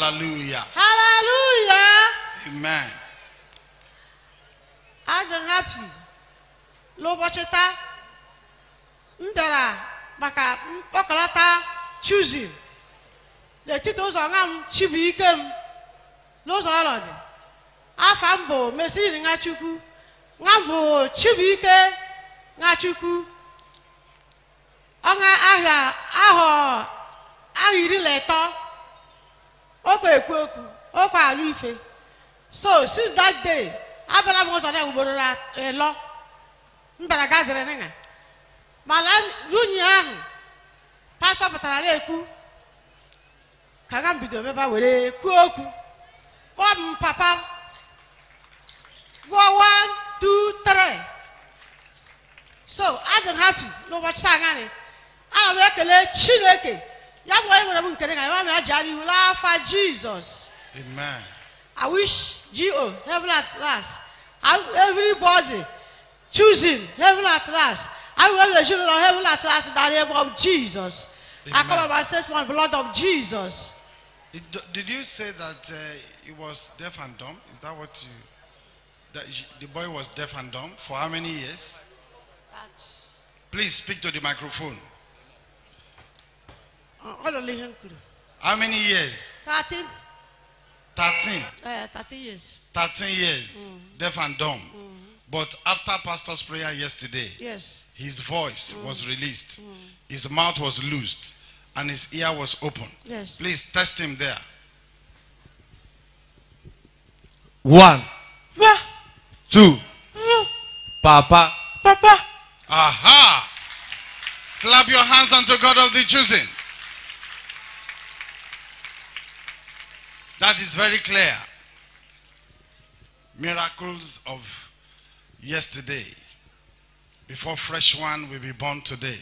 Hallelujah. Hallelujah. Amen. Adị happy n'ụbọchị taa m bịara maka mkpọkọlata Tuesday n'etiti ụzọ nwa m ike m n'ụzọ ọlọdị afọ m bụ Mesiri Nwachukwu nwa m bụ nwa Nwachukwu ọnwa ahịa ahọ ahụ iri na ịtọ ọkwa ekwu okwu alụ ife so since that day abala m ụzọ na ugboro e mbara gadịrị na mana nwunye ahụ pastọ pụtara na-ekwu ka ga mbido bidoro meba were kwuo okwu kpọọ m papa gwa 1 2 3 so adị m hapi n'ụbọchị taa ana m ekele chineke Ya bụ onye nwere m nke ga ya ma ji ara ihu n'afa Jizọs. Amen. I wish G.O. heaven at last. Everybody choosing heaven at last. I will the children of heaven at last in the name of Jesus. Amen. I come by says one blood of Jesus. It, did you say that uh, he was deaf and dumb? Is that what you? That the boy was deaf and dumb for how many years? That. Please speak to the microphone. How many years? 13. 13? Uh, 13 years. 13 years, mm. deaf and dumb. Mm. But after pastor's prayer yesterday, yes. his voice mm. was released. Mm. His mouth was loosed and his ear was open. Yes. Please test him there. One. Two. Papa. Papa. Aha. Clap your hands unto God of the choosing. That is very clear. Miracles of yesterday before fresh one will be born today.